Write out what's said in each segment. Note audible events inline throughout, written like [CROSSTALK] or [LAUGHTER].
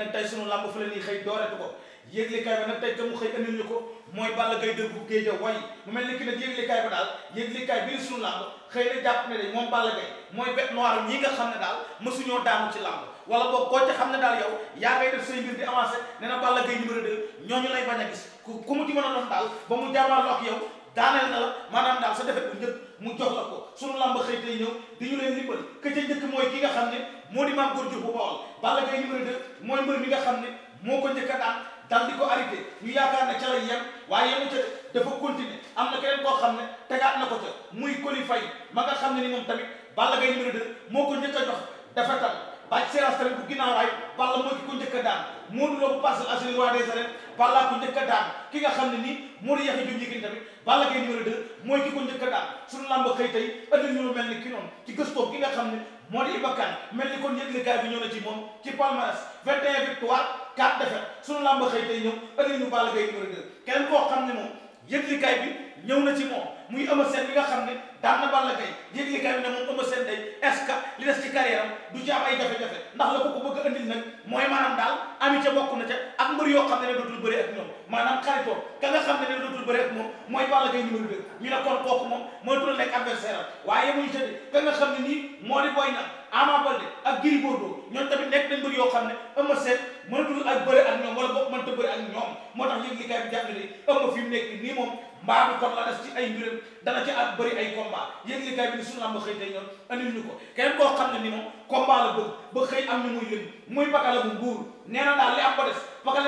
nag tey sunu làmb fële nii xëy dooretu ko yëglikaay ba nag tey te mu xëy andil ñu ko mooy Balla Gaye dër bu géej way mu mel ni ki nag yëglikaay ba daal yëglikaay bi sunu làmb xëy na jàpp ne de moom Balla Gaye mooy bête noire ñi nga xam ne daal mësuñoo daanu ci làmb wala boog koo ca xam ne daal yow yaa ngay def say mbir di avancé nee na Balla Gaye numéro 2 ñooñu lay bañ a gis ku mu ci mën a doon daal ba mu jaamaarloo ak yow daaneel na la mu jox la ko sunu lamb xëy tey ñëw di ñu leen limbal ke ca njëkk mooy ki nga xam ne moo di maam góor jóg bu bawal Balla Gaye numéro 2 mooy mbër mi nga xam ne moo ko njëkk a daan dal di ko arrêté ñu yaakaar ne ca la yem waaye yemu ca dafa continuer am na keneen koo xam ne tegaat na ko ca muy koli Faye ma nga xam ne ni moom tamit Balla Gaye numéro 2 moo ko njëkk a jox dafa tal bàyyi séerans tamit bu ginnaaw raay Balla mooy ki ko njëkk a daan Modou Lo bu Parcelles Assainies roi des arènes Balla ko njëkk a daan ki nga xam ne nii moo di Yaxya Joob Yékini tamit Balla Gaye numéro 2 mooy ki ko njëkk a daan suñu làmb xëy tey ëllëg ñu mel ni ki noonu ci gëstoo ki nga ne moo di Iba Kane mel ni kon yëgle gaay bi ñëw na ci xëy tey ñëw ëllëg ñu Balla Gaye numéro kenn koo xam ne moom yëglikaay bi ñëw na ci moom muy Eumeu Sène bi nga xam ne daan na Balla Gaye yëglikaay bi ne moom Eumeu day est-ce li des si carrière am du ci am ay jafe-jafe ndax la ko ko bëgg a andil nag mooy maanaam daal ami ca bokk na ca ak mbër yoo xam ne ne dootul bëri ak ñoom maanaam xaritoo ka nga xam ne ne dootul bëri ak moom mooy Balla Gaye numéro 2 ñu ne kon kooku moom mooy tul nekk adversaire am waaye yemuñu ca de ka nga xam ne nii moo di boy na Ama Baldé ak Gris Bordeaux ñoom tamit nekk nañ bëri yoo xam ne Eumeu Sène mënatul ak bëri ak ñoom wala boog mënta bëri ak ñoom moo tax yëg likaay bi jàpp ne Eumeu fi mu nekk nii moom mbaaru kon la des ci ay mbiram dana ci ak bëri ay combat yëg likaay bi ni suñu am ba xëy tey ñoom andil ñu ko keneen koo xam ne ni moom combat la bëgg ba xëy am ñu muy yëg muy bakala na daal li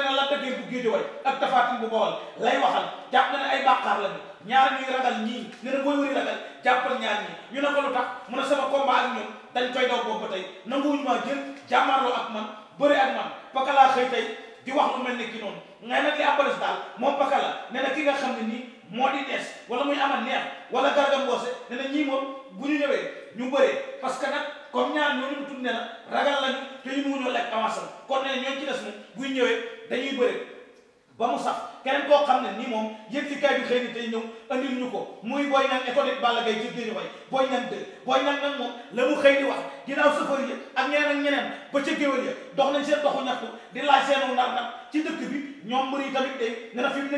la dëggee bu géejewaay ne ay bàqaar lañu ñaar ñuy ragal ñii ne na booy wëri ragal jàppal ñaar ñii ñu ne ko lu tax dañ koy daw boobu ba tey nanguwuñu maa jël jàmmaarloo ak man bëri ak man paka laa xëy tey di wax lu mel ni ki noonu ngay nag li ambales daal moom paka la nee ki nga xam ne nii moo di des wala muy amal neex wala Garga Mbossé nee na ñii moom bu ñu ñëwee ñu bëree parce que nag comme ñaar ñooñu mu tudd ne na ragal lañu te ñu mu ñoo lekk avance kon nee na ci des moom buy ñëwee dañuy bëree ba mu sax keneen boo xam ne nii moom yëg ci kay bi xëy ni tey ñëw andil ñu ko muy booy naan école Balla Gaye ci Guédiawaye booy naan booy ñang nag moom la mu xëy di wax ginnaaw safar yi ak ñeneen ak ñeneen ba ca géwél ya dox nañ seen doxu ñaxtu di laaj moo di wax loolu moo di Paul bi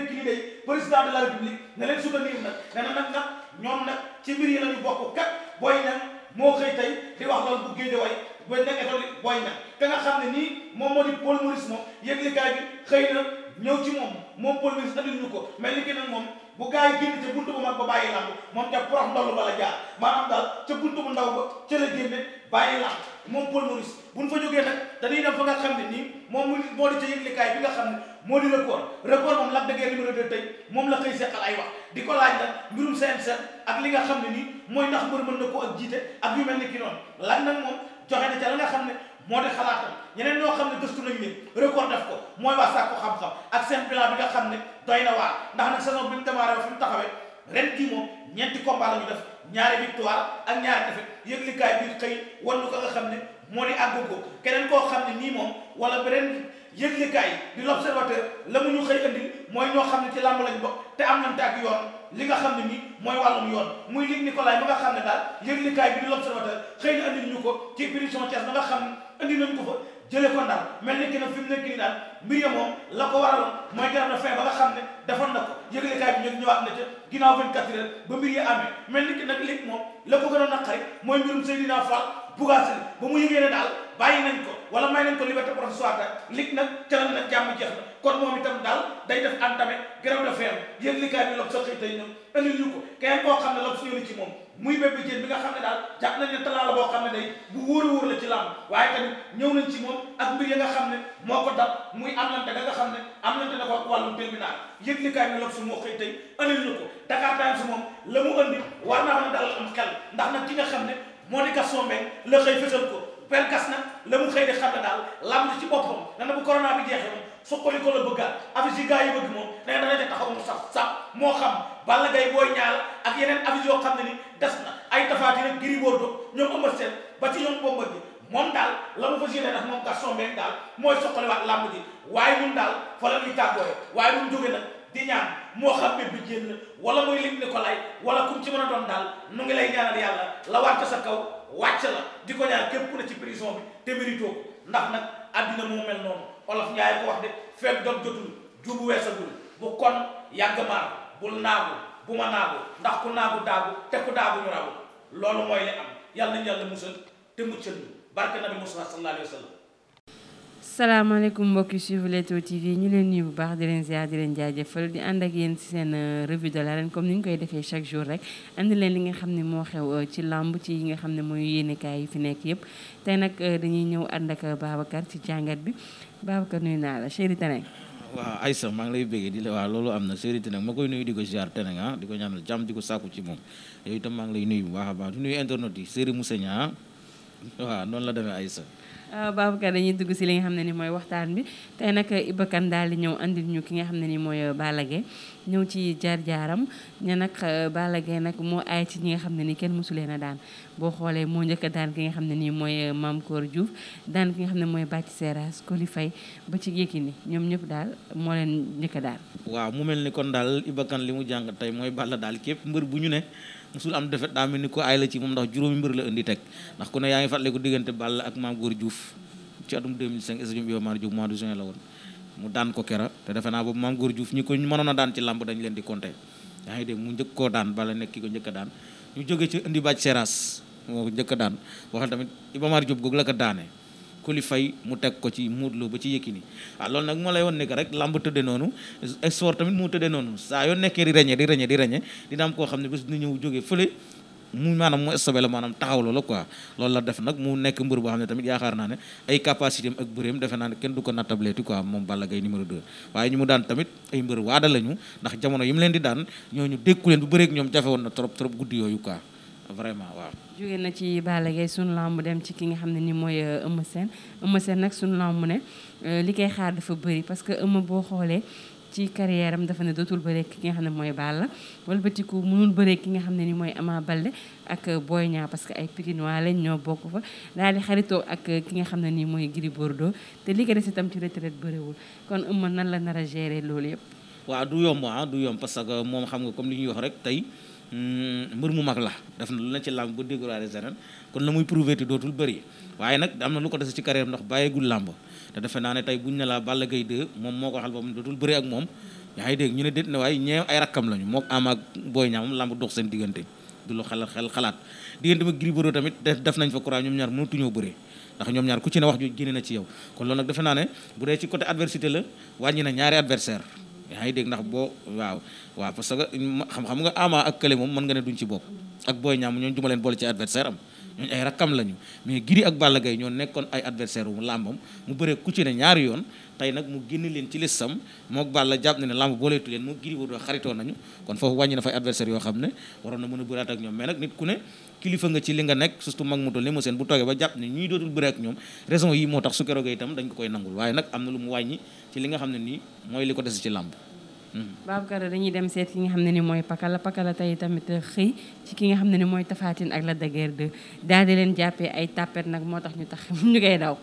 xëy na ñëw ci moom moom Paul Maurice andil ñu ko mais li gën a moom bu gaa yi génn ca buntu bu mag ba bàyyi làmb moom ca porox ndollu bala jaar maanaam daal ca buntu bu ndaw ba ca la génne bàyyi làmb moom Paul Maurice buñ fa jógee nag dañuy dem fa nga xam ne nii moom mu moo di ca bi nga xam moo di record record moom Lac de moom la xëy seqal ay wax di ko laaj nag mbirum CNG ak li nga xam ne nii mooy ndax mbër mën na ko ak jiite ak yu mel ni ki noonu lan nag moom joxe na ca la nga xam ne moo di xalaatam ñeneen ñoo xam ne gëstu nañ leen mooy wax sàkku xam-xam ak seen bilan bi nga xam ne doy na waa ndax nag saison bi mu démarré fi mu taxawee ren kii moom ñeenti combat la ñu def ñaari victoire ak ñaari défaite yëglikaay bi xëy wan ko nga xam ne moo di àgguko keneen koo xam ne nii moom wala beneen yëglikaay di l'observateur la mu ñu xëy andil mooy ñoo xam ne ci làmb lañ bokk te am nañ ak yoon li nga xam ne nii mooy wàllum yoon muy lig Nicolas ma nga xam ne daal yëglikaay bi di l'observateur xëy na andil ñu ko ci émission Thiès ma nga xam nañ ko fa jëlee ko ndax mel ni ki nag fi mu nekk nii daal mbir ya moom la ko waraloon mooy garab na fee ba nga xam ne defoon na ko yëglekaay bi ñu ñëwaat na ca ginnaaw 24 heures ba mbir ya amee léegi moom la ko gën a naqari mooy mbirum Seydina Fall Bougazelli ba mu yëgee ne daal bàyyi nañ ko wala may nañ ko liberté provisoire rek léegi nag calal nag jàmm jeex na kon moom itam daal day def entamé garab na fee am yëglekaay bi loog sa xëy tey ñëw indil ñu ko kenn koo xam ne loog suñu ci moom muy bébé jën bi nga xam ne daal jàpp nañ ne talaa la boo xam ne day bu wóor a wóor la ci làmb waaye tamit ñëw nañ ci moom ak mbir ya nga xam ne moo ko dab muy am nga nga xam ne am na ko ak wàllum terminal yëg li kaay ne lob su moo xëy moom la mu andi war naa mën a dalal am xel ndax nag ki nga xam ne moo di Gaston Mbengue la xëy fësal ko per gas nag la mu xëy di xam ne daal làmb ci boppam dana bu corona bi jeexee suqali ko la bëggaat affiche yi gars yi bëgg moom nee na ak yeneen affiche yoo xam des na ay tafaati nag Gris Bordeaux moom daal la mu fas yéene def moom Gaston Mbengue daal mooy soqaliwaat làmb ji waaye ñun daal fa la nag di ñaan moo xam ne bi génn wala muy lim ni ko lay wala kum ci mën a doon daal nu ngi lay ñaanal yàlla la sa kaw di ko ñaan képp ku ne ci prison bi te mérito ndax nag àddina moo mel noonu olof Njaay ko wax de fekk dog jotul jubu weesagul bu kon yàgg maar bul naagu bu ma naagu ndax ku naagu daagu te ku daagu ñu ragu loolu mooy li am yàlla nañu yàlla musal te muccal ñu barke nabi Muhammad sallallahu alayhi wa sallam salaamaaleykum mbokk yi suivre Leewtoo TV ñu leen nii bu baax di leen ziar di leen jaajëfal di ànd ak yéen ci seen euh, revue de comme ni ñu koy defee chaque jour rek andi leen li nga xam ne moo xew euh, ci làmb ci yi nga xam ne mooy yéenekaay yi fi nekk yëpp te nag euh, dañuy ñëw ànd ak Babacar ci jàngat bi Babacar nuyu naa la chéri Teneng. waaw Aïssa maa ngi lay bëggee di la waa loolu am na chéri Teneng ma koy nuyu di ko ziar Teneng ah di ko ñam ñaanal jàmm di ko sàkku ci moom yooyu itam maa ngi lay nuyu bu baax a baax di nuyu internet yi Serigne Moussa Niang ah. waaw noonu la demee Aïssa Euh, Babacar dañuy dugg si li nga xam ne ni mooy waxtaan bi tey nag Iba daal di ñëw andil ñu ki nga xam ne ni mooy euh, Balla ñëw ci jaar-jaaram ña nag euh, Balla Gaye nag moo aay ci ñi nga xam ne ni kenn mosuleen a daan boo xoolee moo njëkk a ki nga xam ne ni mooy Mame Cor daan ki nga xam ne mooy Bathie Seras Coly Faye ba ci Yékini ñoom ñëpp daal moo leen njëkk a waaw mu mel ni kon daal Iba li mu jàng tey mooy Balla daal képp mbër bu ñu ne musul am defet daa mel ni ko aay la ci moom ndax juróomi mbër la indi teg ndax ku ne yaa ngi fàttaliku diggante Balla ak maam góor Diouf ci atum 2005 stadium Iba Mar Diop mois de juin la woon mu daan ko kera te defe naa boobu maam góor Diouf ñi ko mënoon a daan ci làmb dañ leen di compter yaa ngi dégg mu njëkk koo daan Balla nekk ki ko njëkk a daan ñu jóge ci indi bàcc Seras moo ko njëkk daan waxal tamit Iba Mar Diop googu la ko daanee ko li fay mu teg ko ci Modou Lo ba ci Yékini waaw loolu nag moo lay woon nekk rek lamb tëdde noonu sport tamit mu tëdde noonu saa yoo nekkee di reñe di reñe di reñe dina am koo xam ne bés dina ñëw jógee fële mu maanaam mu stoppé la maanaam taxaw la quoi loolu la def nag mu nekk mbër boo xam ne tamit yaakaar naa ne ay capacité am ak bëreem defe naa ne kenn du ko nattableeti quoi moom Balla Gaye numéro 2 waaye ñu mu daan tamit ay mbër waada lañu ndax jamono yi mu leen di daan ñooñu dékku leen bu ñoom jafe woon na trop trop guddi yooyu quoi vraiment waaw. jóge na ci Balla Gaye sunu lamb dem ci ki nga xam ne nii mooy euh, Eumeu Sène Eumeu Sène nag sunu lamb ne euh, li koy xaar dafa bëri parce que Eumeu boo xoolee ci carrière dafa ne dootul bëree ki nga xam ne mooy Balla wala batiku mënul bëree ki nga xam ne ni mooy Ama Baldé ak euh, booy Niang parce que ay Pikinois lañ ñoo bokk fa daal di xaritoo ak ki nga xam ne nii mooy Gris Bordeaux te li ko des itam ci retraite bëriwul kon Eumeu nan la nar a gérer loolu yëpp. waaw du yomb ah du yomb parce que moom xam nga comme li ñuy wax rek tey. Mm, mbër mu mag la def na lu na ci làmb ba déggulaale seneen kon la muy prouvé te dootul bëri waaye nag am na lu ko des ci carrière ndax bàyyeegul defe naa ne tey buñ ne laa Balla Gaye 2 moom moo ko waxal boobu moom làmb dox seen diggante du lu xelal xel xalaat diggante ma Gris tamit def nañ fa courage ñoom ñaar mënatuñoo bëree ndax ñoom ñaar ku ci ne wax ju génne na ci yow kon loolu nag defe naa ne bu dee ci côté adversité la wàññi na ñaari adversaire yaa ngi dégg ndax boo waaw waaw parce que xam-xam nga ama ak kële moom mën nga ne duñ ci bokk ak booy ñaam ñoom duma leen boole ci adversaire am ñooñu ay rakkam lañu mais Gris ak Balla Gaye ñoo nekkoon ay adversaire wu làmbam mu bëree ku ne ñaari yoon tey nag mu génn leen ci listam mook Balla jàpp na ne làmb booleetu leen moo Gris Bordeaux xaritoo nañu kon foofu wàññi na fay adversaire yoo xam ne waroon na mën a bëraat ak ñoom mais nag nit ku ne kilifa nga ci li nga nekk surtout mag mu toll ni mo seen bu toogee ba jàpp ne ñuy dootul bëre ak ñoom raison yi moo tax su keroogee itam dañ koy nangul waaye nag am na mu wàññi ci li nga xam ne nii mooy li ko des ci làmb Babacar dañuy dem seet ki nga xam ne ni mooy pakala pakala tey tamit xëy ci ki nga xam ne ni mooy tafaatin ak la daguère de daal di leen jàppee ay tàppet nag moo tax ñu tax [LAUGHS] ñu koy daw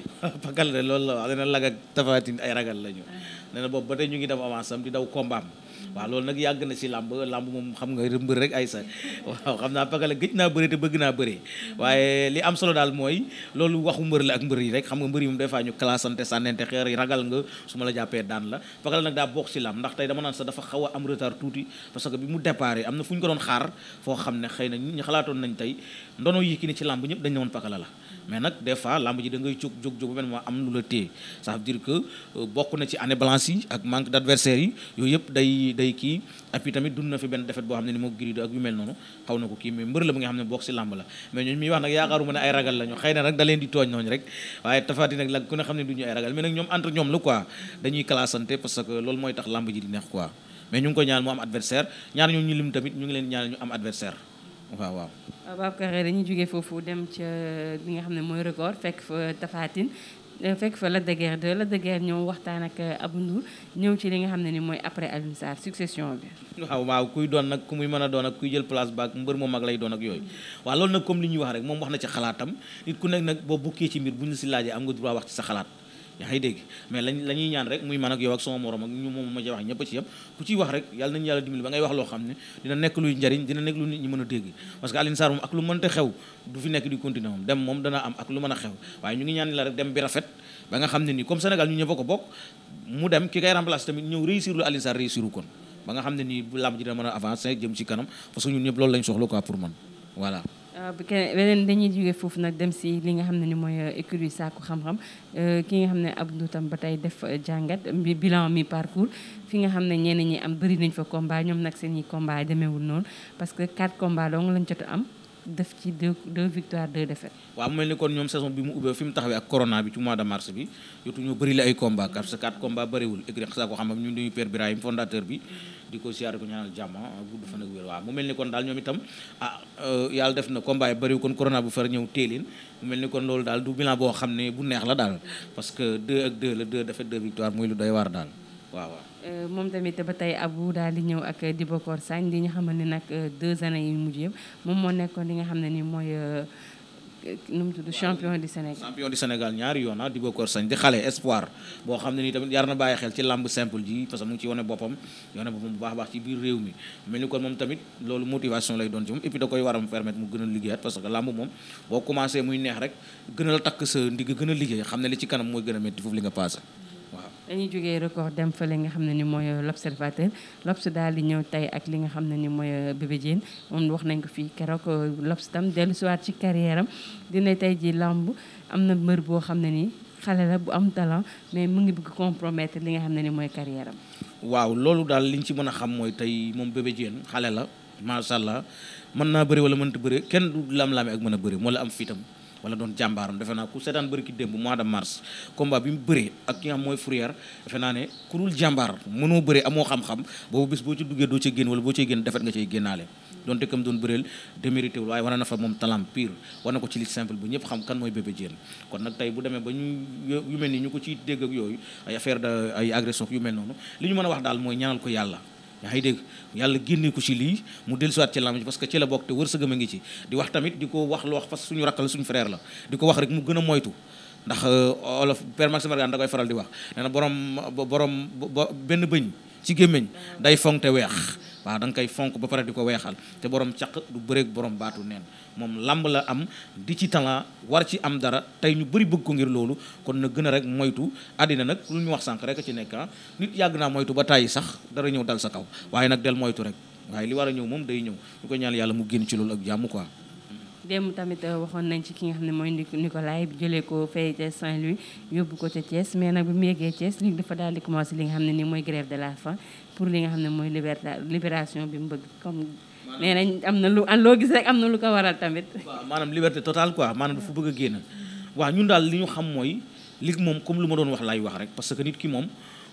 [LAUGHS] pakala de loolu la wax dana lag tafaatin ay ragal la ñu ah. nee na boobu ba tey ñu ngi daw avance am di daw kombaam waaw loolu nag yàgg na si làmb làmb moom xam nga mbër rek ay sa waaw xam naa Pakala gëj naa bëri te bëgg naa bëri waaye li am solo daal mooy loolu waxu mbër la ak mbër yi rek xam nga mbër yi moom des fois ñu classante sànnente xeer yi ragal nga su ma la jàppee a am na fu ñu ko doon xaar foo xam ne xëy na xalaatoon nañ tey ndono yi ki ni ci làmb ñëpp dañ ne woon Pakala la mais nag des làmb ji da ngay jóg jóg jóg bu mel moo am lu la téye ça veut que euh, bokk na ci année blanche yi ak manque d'adversaires yi yooyu yëpp day kii et tamit dund na fi benn defet boo xam ne ni moo girido ak yu mel noonu xaw na ko kii mais mbër la bu nga xam ne bokk si làmb la mais ñooñu ne nag ñoom entre ñoom la quoi dañuy classante parce que loolu mooy tax làmb ji di neex quoi mais ñu ngi ko ñaan mu am adversaire ñaar ñoo ñu lim tamit ñu ngi leen ñaan ñu am adversaire waaw waaw Babacar dañuy jógee foofu dem ca li xam ne mooy record fekk fa Tapha Euh, fekk fa Lac de Guiers 2 Lac de Guiers ñëw waxtaan ak euh, Abou Ndour ñëw ci li nga xam ne ni mooy après Alioune Sarr succession bi waaw waaw kuy doon nag ku muy mën a doon ak kuy jël place baak mbër mu mag lay doon ak yooyu waaw loolu nag comme li ñuy wax rek moom wax na ci xalaatam nit ku nekk nag boo bukkee ci mbir bu ñu si laajee am nga droit wax ci sa xalaat yaa ngi dégg mais lañ la ñuy ñaan rek muy man ak yow ak sama morom ak ñu moom ma ci wax ñëpp ci yëpp ku ciy wax rek yàlla nañu yàlla dimbali ba ngay wax loo xam ne dina nekk luy njariñ dina nekk lu nit mën a dégg parce que Alioune moom ak lu mën a xew waaye ñu ngi ñaan la rek dem bi rafet ba nga xam ne nii comme Sénégal ñu ñëpp a ko bokk mu dem ki kay remplacer tamit ñëw réussir lu Alioune Sarr kon ba nga xam ne nii bu ji dina mën a avancer jëm ci kanam parce que ñun ñëpp loolu Euh, beneen dañuy jóge foofu nag dem si li nga xam ne ni mooy euh, écurie Sakku Xam-Xam euh, ki nga xam ne Abdou tam ba tey def jàngat bi bilan mi parcours fi nga xam ne ñenn ñi am bari nañ fa combat ñoom nag seen i combat demeewul noonu parce que 4 combat dong lañ jot am def ci deux deux victoires deux défaites. waaw mel ni kon ñoom saison bi mu ubbee fi mu taxawee ak corona bi ci mois de mars bi yotu ñu bëri la ay combat car sa quatre combat bëriwul écrit saa ko xam ak ñun dañuy Père Birahim fondateur bi di ko siyaare ko ñaanal jàmm gudd fan ak wér waaw mu mel ni kon daal ñoom itam ah euh, yàlla def na combat yi bëriwul kon corona bu far ñëw téelin mu mel ni kon loolu daal du bilan boo xam ne bu neex la daal parce que deux ak deux la deux défaites deux victoires muy lu doy waar daal waaw Euh, moom tamit ba tey Abou daal di ñëw ak Dibakor Sagne di ñu xamal ni nag euh, deux années yu mujj yëpp moom moo nekkoon li nga xam ne nii mooy euh, nu mu tudd champion du Sénégal. champion du Sénégal ñaari yoon ah Dibakor Sagne di xale espoir boo xam ne nii tamit yar na bàyyi xel ci làmb simple ji parce que mu ngi ci wane boppam yone boppam bu baax baax ci biir réew mi mel ni kon moom tamit loolu motivation lay doon ci moom et puis da koy war a mu gën a liggéeyaat que làmb moom boo commencé muy neex rek liggéey xam ne li ci kanam mooy gën a métti foofu li nga waaw dañuy jógee record dem fële nga xam ne ni mooy euh, l'observateur l'Obs daal di ñëw tey ak li nga xam ne ni mooy euh, Bébé Diène moom wax nañ ko fii keroog euh, l'Obs tam dellu siwaat ci carrière dina tey ji làmb am na mbër boo xam ne nii xale la bu am talent mais mu ngi bëgg compromettre li nga xam ne ni mooy carrière am waaw loolu daal liñ ci mën a xam mooy tey moom Bébé Diène xale la macha allah mën naa bëri wala mënta bëri kenn du lam-laame ak mën a bëri moo am fiitam wala doon jàmbaaram defe naa ku seetaan bëri ki démb mois de mars combat bi mu bëree ak ki nga xam mooy Fourrière defe naa ne ku dul jàmbaar mënoo bëree amoo xam-xam boobu bis boo ci duggee doo ci génn wala boo ciy génn defet nga cay génnaale donte kam doon bëreel démérité waaye wane na fa moom talent pire wane ko ci lutte simple bu ñëpp xam kan mooy Bébé Diène kon nag tey bu demee ba ñu yu mel ni ñu ko ci dégg ak yooyu ay affaire de ay agression yu mel noonu li ñu mën a wax daal mooy ñaanal ko yàlla yaa ngi dégg yàlla génne ko ci lii mu dellusiwaat ci lamb ji parce que ci la bokk te wërsëgam a ngi ci di wax tamit di ko wax lu wax parce que suñu rakk la suñu frère la di ko wax rek mu gën a moytu ndax euh, olof per Maxime Margan da koy faral di wax nee na borom borom benn bëñ ci gémmiñ day foŋ te weex waaw danga nga koy fonk ba pare di ko weexal te borom caq du bëreeg borom baatu neen moom lamb la am di ci talent war ci am dara tey ñu bëri bëgg ko ngir loolu kon na gën rek moytu àddina nag lu ñu wax sànq rek a ci nekk ah nit yàgg naa moytu ba tàyyi sax dara ñëw dal sa kaw waaye nag del moytu rek waaye li war a ñëw moom day ñëw ñu ko ñaan yàlla mu génn ci loolu ak jàmm quoi. démb tamit euh, waxoon nañ ci ki nga xam ne mooy Nicolas bi jëlee ko fay ca Saint-Louis yóbbu ko ca Thiès mais nag bi mu yeggee Thiès léegi dafa nga xam ne nii mooy pour li nga xam ne mooy liberté libération bi mu bëgg comme nee am na lu loo gis rek am na lu ko waral tamit. waaw maanaam liberté totale quoi maanaam dafa bëgg a génn waaw ñun daal li ñu xam mooy li moom comme lu ma doon wax laay wax rek parce que nit ki moom.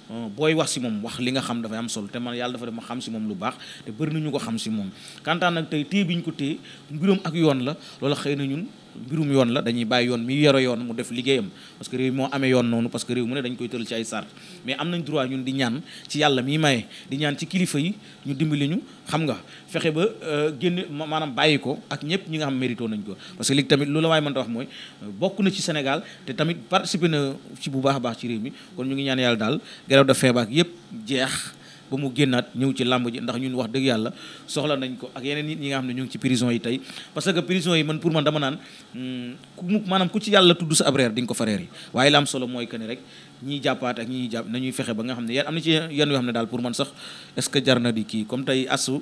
Euh, booy wax si moom wax li nga xam dafay am solo te man yàlla dafa def ma xam si moom lu baax te bëri nañu ko xam si moom kantaan nag tey téye bi ñu ko téye mbiróom ak yoon la loola xëy na ñun mbirum yoon la dañuy bàyyi yoon mi yore yoon mu def liggéeyam parce que réew moo amee yoon noonu parce que réew mu ne dañ koy tëral ci ay sart mais am nañ droit ñun di ñaan ci yàlla mi maye di ñaan ci kilifa yi ñu dimbali ñu xam nga fexe ba euh, génn maanaam bàyyi ko ak ñëpp ñi nga xam mérito nañ ko parce que léegi tamit lu la waaye mën ta wax mooy euh, bokk na ci Sénégal te tamit participer na ci bu baax a baax ci réew mi kon ñu ngi ñaan yàlla daal grève de faim ak yëpp jeex ba mu génnaat ñëw ci làmb ji ndax ñun wax dëgg yàlla soxla nañ ko ak yeneen nit ñi nga xam ne ñu ngi ci prison yi tey parce que prison yi man pour man dama naan hmm, ku mu maanaam ku ci yàlla tudd sa ab reer ko fa yi waaye la solo mooy que rek ñiy jàppaat ak ñiy jàpp nañuy fexe ba nga xam ne am na ci yan yoo xam ne daal pour man sax est ce que jar na kii comme tey asu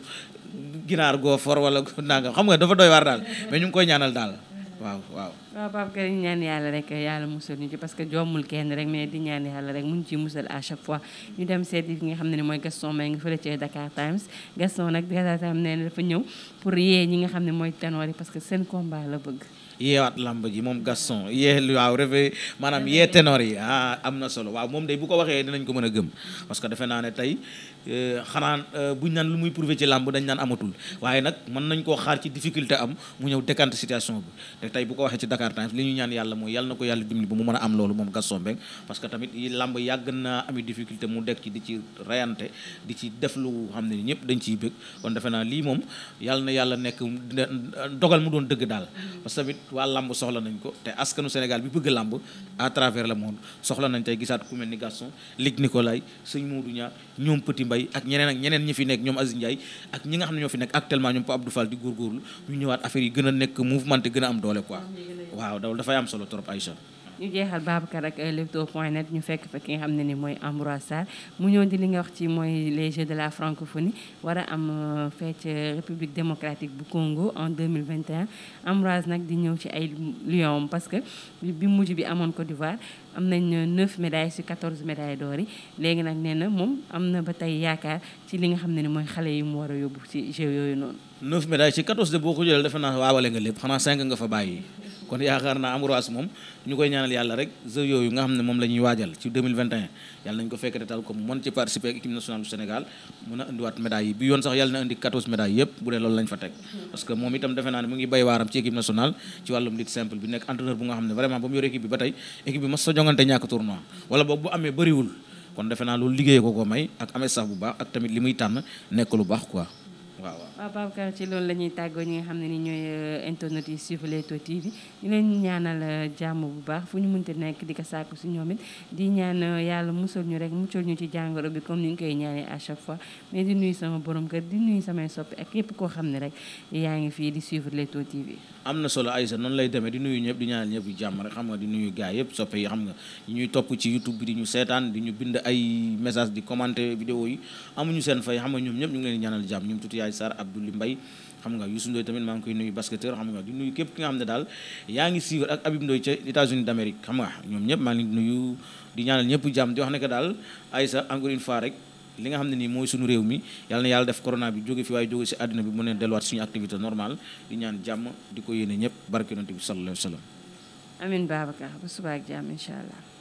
ginaar goo for wala [LAUGHS] nanga xam nga dafa doy waar daal mais ñu ngi koy ñaanal daal waaw waaw Pape Kër ñaan yàlla rek yàlla musal ñu ci parce que jommul kenn rek mais di ñaan yàlla rek mun ci musal à chaque fois ñu dem seeti ki nga xam ne mooy na dafa ñëw pour mooy moom Gaston yee waaw refe maanaam yee ténor yi ah am na solo waaw moom day bu ko waxee dinañ ko mën a gëm parce que defe naa ne tey euh, xanaa euh, buñ naan lu muy prouvé ci lamb dañ naan amatul waaye nag mën nañ koo xaar ci difficulté am mu ñëw décanté situation bi te tey bu ko waxee ci Dakar Dakar Times li ñu ñaan yàlla mooy yàlla ko yàlla dimbali ba mu mën a am loolu moom Gaston Mbengue parce que tamit làmb yàgg naa ami difficulté mu dekk ci di ci rayante di ci def lu xam ne ñëpp dañ ciy bëgg kon defe naa moom doon dëgg daal parce que tamit waa làmb soxla nañ ko te askanu Sénégal bi bëgg làmb à travers le monde soxla nañ tey gisaat ku mel ni Gaston ni Nicolaï sëñ Modou Niang ñoom Petit Mbaye ak ñeneen ak ñeneen ñi fi nekk ñoom Aziz ak ñi nga xam ne ñoo fi nekk actuellement ñoom Pa Abdou Fall di góorgóorlu ñu ñëwaat affaire yi gën nekk mouvementé gën waaw daw dafay am solo trop Aïcha ñu jeexal Babacar ak Leewtoo point net ñu fekk fa ki nga xam ne ni mooy Ambroise Sarr mu ñëw di li nga wax ci mooy les Jeux de la francophonie war a am euh, fecc euh, République démocratique bu Congo en 2021 Ambroise nag di ñëw ci ay lion parce que bi mujj bi amoon Côte d'Ivoire am nañ 9 euh, médailles sur 14 médailles d'or yi léegi nag nee na moom am na ba tey yaakaar ci li nga xam ne ni mooy xale yi mu war a yóbbu yooyu noonu 9 médailles ci 14 de boo ko jëlee defe naa waawale xanaa 5 nga fa bàyyi kon yaakaar naa Ambroise moom ñu koy ñaanal yàlla rek jeux yooyu nga xam ne moom la ñuy waajal ci 2021 yàlla nañ ko fekk te tal ko mu mën ci participer ak équipe nationale du Sénégal mën a indiwaat médailles yi bi yoon sax yàlla na indi 14 médailles yëpp bu dee loolu lañ fa teg parce que moom itam defe naa ne mu ngi bay waaram ci équipe nationale ci wàllum lutte simple bi nekk entraîneur bu nga xam ne vraiment ba mu yor équipe ba tey équipe bi mas sa baax ak waaw Babacar ci loolu la ñuy tàggoo ñi nga xam ne ni ñooy euh, internet yi suivre Leewtoo TV ñu leen ñaanal euh, jàmm bu baax fu ñu mun mënti nekk di ko sàkku si ñoom it di ñaan euh, yàlla musal ñu rek muccal ñu ci jàngoro bi comme ni ñu koy ñaanee à chaque fois mais nuyu sama borom kër di nuyu samay képp koo xam ne rek yaa ngi fii di suivre Leewtoo na solo lay demee di nuyu ñëpp di ñaanal ñëpp jàmm rek xam nga di nuyu gars yëpp soppe xam nga ñuy topp ci YouTube bi di ñu seetaan di ñu bind ay message di commenter vidéo yi amuñu seen fay xam nga ñoom ñëpp ñu leen ñaanal jàmm ñoom tuuti yaay Sarr Abdoulaye Mbaye xam nga Youssou Ndoye tamit maa ngi koy nuyu basketteur xam nga di nuyu képp ki nga xam ne daal yaa ngi suivre ak Habib Ndoye ca États-Unis d'Amérique xam nga ñoom ñëpp maa ngi nuyu di ñaanal ñëpp jàmm di wax ne daal Aïssa encore une fois rek li nga xam ne nii mooy suñu réew mi yàlla na yàlla def corona bi jóge fi waaye jóge si àddina bi mu ne delluwaat suñu activité normale di ñaan jàmm di ko yéene ñëpp barke yonent bi sallallahu alayhi wa